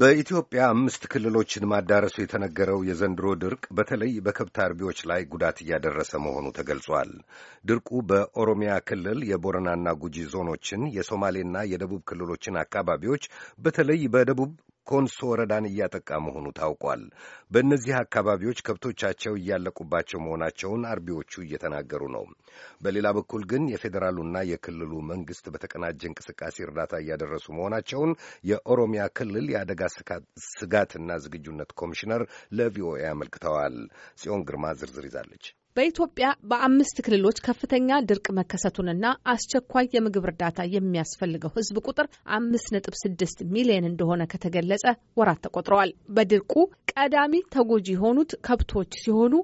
በኢትዮጵያ አምስት ክልሎችን ማዳረሱ የተነገረው የዘንድሮ ድርቅ በተለይ በከብት አርቢዎች ላይ ጉዳት እያደረሰ መሆኑ ተገልጿል። ድርቁ በኦሮሚያ ክልል የቦረናና ጉጂ ዞኖችን፣ የሶማሌና የደቡብ ክልሎችን አካባቢዎች በተለይ በደቡብ ኮንሶ ወረዳን እያጠቃ መሆኑ ታውቋል። በእነዚህ አካባቢዎች ከብቶቻቸው እያለቁባቸው መሆናቸውን አርቢዎቹ እየተናገሩ ነው። በሌላ በኩል ግን የፌዴራሉና የክልሉ መንግስት በተቀናጀ እንቅስቃሴ እርዳታ እያደረሱ መሆናቸውን የኦሮሚያ ክልል የአደጋ ስጋትና ዝግጁነት ኮሚሽነር ለቪኦኤ አመልክተዋል። ጽዮን ግርማ ዝርዝር ይዛለች። በኢትዮጵያ በአምስት ክልሎች ከፍተኛ ድርቅ መከሰቱንና አስቸኳይ የምግብ እርዳታ የሚያስፈልገው ሕዝብ ቁጥር አምስት ነጥብ ስድስት ሚሊየን እንደሆነ ከተገለጸ ወራት ተቆጥረዋል። በድርቁ ቀዳሚ ተጎጂ የሆኑት ከብቶች ሲሆኑ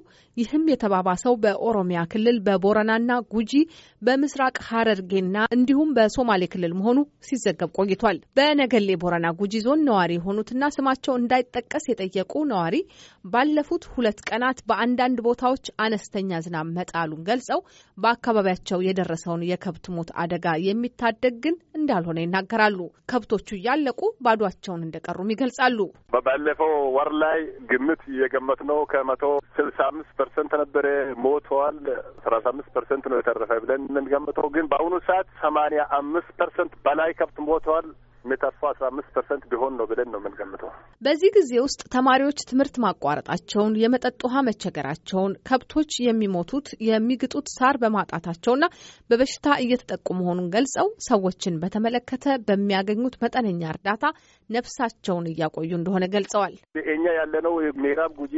ይህም የተባባሰው በኦሮሚያ ክልል በቦረናና ጉጂ በምስራቅ ሐረርጌና እንዲሁም በሶማሌ ክልል መሆኑ ሲዘገብ ቆይቷል። በነገሌ ቦረና ጉጂ ዞን ነዋሪ የሆኑትና ስማቸው እንዳይጠቀስ የጠየቁ ነዋሪ ባለፉት ሁለት ቀናት በአንዳንድ ቦታዎች አነስተኛ ከፍተኛ ዝናብ መጣሉን ገልጸው በአካባቢያቸው የደረሰውን የከብት ሞት አደጋ የሚታደግ ግን እንዳልሆነ ይናገራሉ። ከብቶቹ እያለቁ ባዷቸውን እንደቀሩም ይገልጻሉ። በባለፈው ወር ላይ ግምት እየገመት ነው ከመቶ ስልሳ አምስት ፐርሰንት ነበረ ሞተዋል። ሰላሳ አምስት ፐርሰንት ነው የተረፈ ብለን የምንገምተው ግን በአሁኑ ሰዓት ሰማንያ አምስት ፐርሰንት በላይ ከብት ሞተዋል። የሚተርፈው አስራ አምስት ፐርሰንት ቢሆን ነው ብለን ነው የምንገምተው። በዚህ ጊዜ ውስጥ ተማሪዎች ትምህርት ማቋረጣቸውን፣ የመጠጥ ውሃ መቸገራቸውን፣ ከብቶች የሚሞቱት የሚግጡት ሳር በማጣታቸውና በበሽታ እየተጠቁ መሆኑን ገልጸው ሰዎችን በተመለከተ በሚያገኙት መጠነኛ እርዳታ ነፍሳቸውን እያቆዩ እንደሆነ ገልጸዋል። እኛ ያለነው ምዕራብ ጉጂ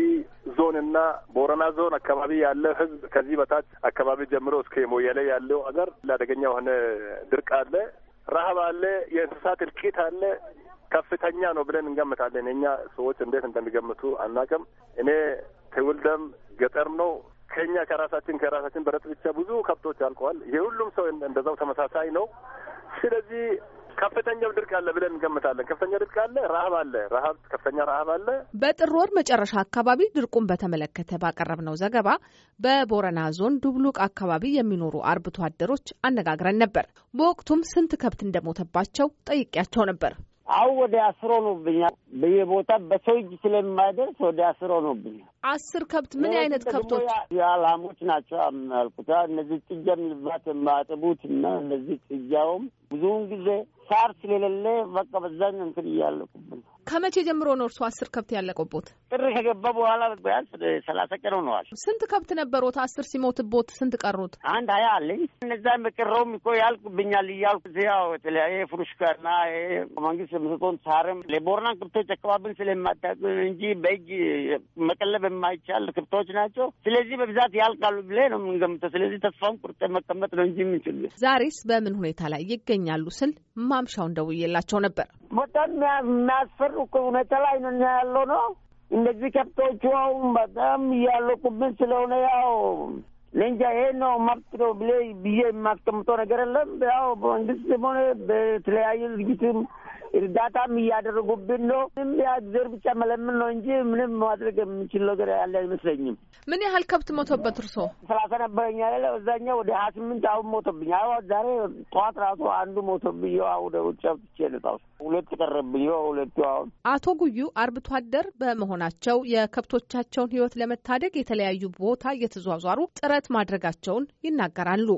ዞንና ቦረና ዞን አካባቢ ያለ ህዝብ ከዚህ በታች አካባቢ ጀምሮ እስከ ሞያሌ ያለው አገር ለአደገኛ የሆነ ድርቅ አለ። ረሀብ አለ፣ የእንስሳት እልቂት አለ። ከፍተኛ ነው ብለን እንገምታለን። እኛ ሰዎች እንዴት እንደሚገምቱ አናውቅም። እኔ ትውልደም ገጠር ነው ከኛ ከራሳችን ከራሳችን በረት ብቻ ብዙ ከብቶች አልቀዋል። የሁሉም ሰው እንደዛው ተመሳሳይ ነው። ስለዚህ ከፍተኛው ድርቅ አለ ብለን እንገምታለን። ከፍተኛ ድርቅ አለ፣ ረሀብ አለ፣ ረሀብ ከፍተኛ ረሀብ አለ። በጥር ወር መጨረሻ አካባቢ ድርቁን በተመለከተ ባቀረብነው ዘገባ በቦረና ዞን ዱብሉቅ አካባቢ የሚኖሩ አርብቶ አደሮች አነጋግረን ነበር። በወቅቱም ስንት ከብት እንደሞተባቸው ጠይቄያቸው ነበር። አሁን ወደ አስሮ ሆኖብኛል። በየቦታ በሰው እጅ ስለማይደርስ ወደ አስሮ ሆኖብኛል። አስር ከብት ምን አይነት ከብቶች? ላሞች ናቸው ያልኩት እነዚህ ጥጃ የሚልባት የማጥቡት እና እነዚህ ጥጃውም ብዙውን ጊዜ ሳር ስለሌለ በቃ በዛን እንትን እያለቁብን። ከመቼ ጀምሮ ነው እርሱ አስር ከብት ያለቀቦት? ጥር ከገባ በኋላ ቢያንስ ሰላሳ ቀን ሆነዋል። ስንት ከብት ነበሮት? አስር ሲሞትቦት ስንት ቀሩት? አንድ ሀያ አለኝ። እነዛም የቀረውም እኮ ያልቁብኛል እያልኩ ያው የተለያየ ፍሩሽካና መንግስት ምስቶን ሳርም ለቦርና ክብቶች አካባቢን ስለማታቅ እንጂ በእጅ መቀለብ የማይቻል ክብቶች ናቸው። ስለዚህ በብዛት ያልቃሉ ብለ ነው የምንገምተው። ስለዚህ ተስፋም ቁርጠ መቀመጥ ነው እንጂ የምንችል ዛሬስ በምን ሁኔታ ላይ ይገኛል? ይገኛሉ ስል ማምሻውን ደውዬላቸው ነበር። በጣም የሚያስፈሩ ሁኔታ ላይ ነው ያለው ነው። እንደዚህ ከብቶቹ በጣም እያለቁብን ስለሆነ ያው ለእንጃ ይሄ ነው መብት ነው ብዬ የማስቀምጠው ነገር የለም። ያው በመንግስት ሆነ በተለያዩ ድርጅትም እርዳታም እያደረጉብን ነው። ምንም ያእግዜር ብቻ መለምን ነው እንጂ ምንም ማድረግ የምንችል ነገር ያለ አይመስለኝም። ምን ያህል ከብት ሞቶበት? እርሶ ሰላሳ ነበረኛ ሌለ በዛኛው ወደ ሀያ ስምንት አሁን ሞቶብኝ። አዎ ዛሬ ጠዋት ራሱ አንዱ ሞቶብኝ። ያው ወደ ውጭ ብቼ ልጣው ሁለት ቀረብኝ። ያው ሁለቱ አሁን አቶ ጉዩ አርብቶ አደር በመሆናቸው የከብቶቻቸውን ህይወት ለመታደግ የተለያዩ ቦታ እየተዟዟሩ ጥረት ማድረጋቸውን ይናገራሉ።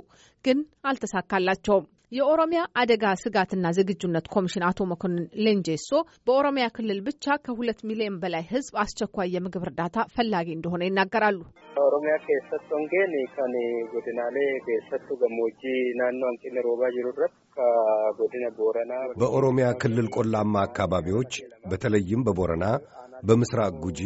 ግን አልተሳካላቸውም። የኦሮሚያ አደጋ ስጋትና ዝግጁነት ኮሚሽን አቶ መኮንን ሌንጄሶ በኦሮሚያ ክልል ብቻ ከሁለት ሚሊዮን በላይ ሕዝብ አስቸኳይ የምግብ እርዳታ ፈላጊ እንደሆነ ይናገራሉ። ኦሮሚያ ኬሰት ቶንጌን ከን ጎድናሌ ኬሰቱ ገሞጂ ናኖ አንቂን ሮባ ጅሩረት ከጎድነ ቦረና በኦሮሚያ ክልል ቆላማ አካባቢዎች በተለይም በቦረና በምስራቅ ጉጂ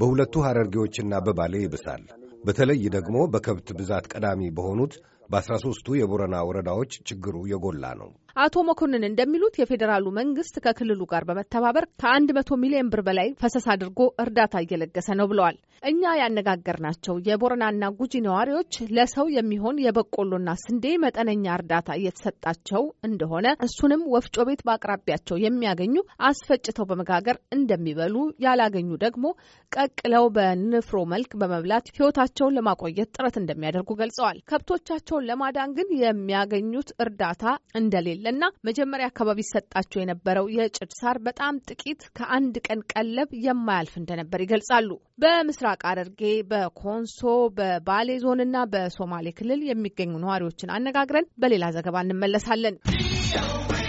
በሁለቱ ሐረርጌዎችና በባሌ ይብሳል። በተለይ ደግሞ በከብት ብዛት ቀዳሚ በሆኑት በአስራ ሦስቱ የቦረና ወረዳዎች ችግሩ የጎላ ነው። አቶ መኮንን እንደሚሉት የፌዴራሉ መንግስት ከክልሉ ጋር በመተባበር ከአንድ መቶ ሚሊዮን ብር በላይ ፈሰስ አድርጎ እርዳታ እየለገሰ ነው ብለዋል። እኛ ያነጋገርናቸው የቦረናና ጉጂ ነዋሪዎች ለሰው የሚሆን የበቆሎና ስንዴ መጠነኛ እርዳታ እየተሰጣቸው እንደሆነ እሱንም ወፍጮ ቤት በአቅራቢያቸው የሚያገኙ አስፈጭተው በመጋገር እንደሚበሉ ያላገኙ ደግሞ ቀቅለው በንፍሮ መልክ በመብላት ህይወታቸውን ለማቆየት ጥረት እንደሚያደርጉ ገልጸዋል። ከብቶቻቸውን ለማዳን ግን የሚያገኙት እርዳታ እንደሌለ አለና መጀመሪያ አካባቢ ሰጣቸው የነበረው የጭድ ሳር በጣም ጥቂት ከአንድ ቀን ቀለብ የማያልፍ እንደነበር ይገልጻሉ። በምስራቅ አደርጌ በኮንሶ፣ በባሌ ዞንና በሶማሌ ክልል የሚገኙ ነዋሪዎችን አነጋግረን በሌላ ዘገባ እንመለሳለን።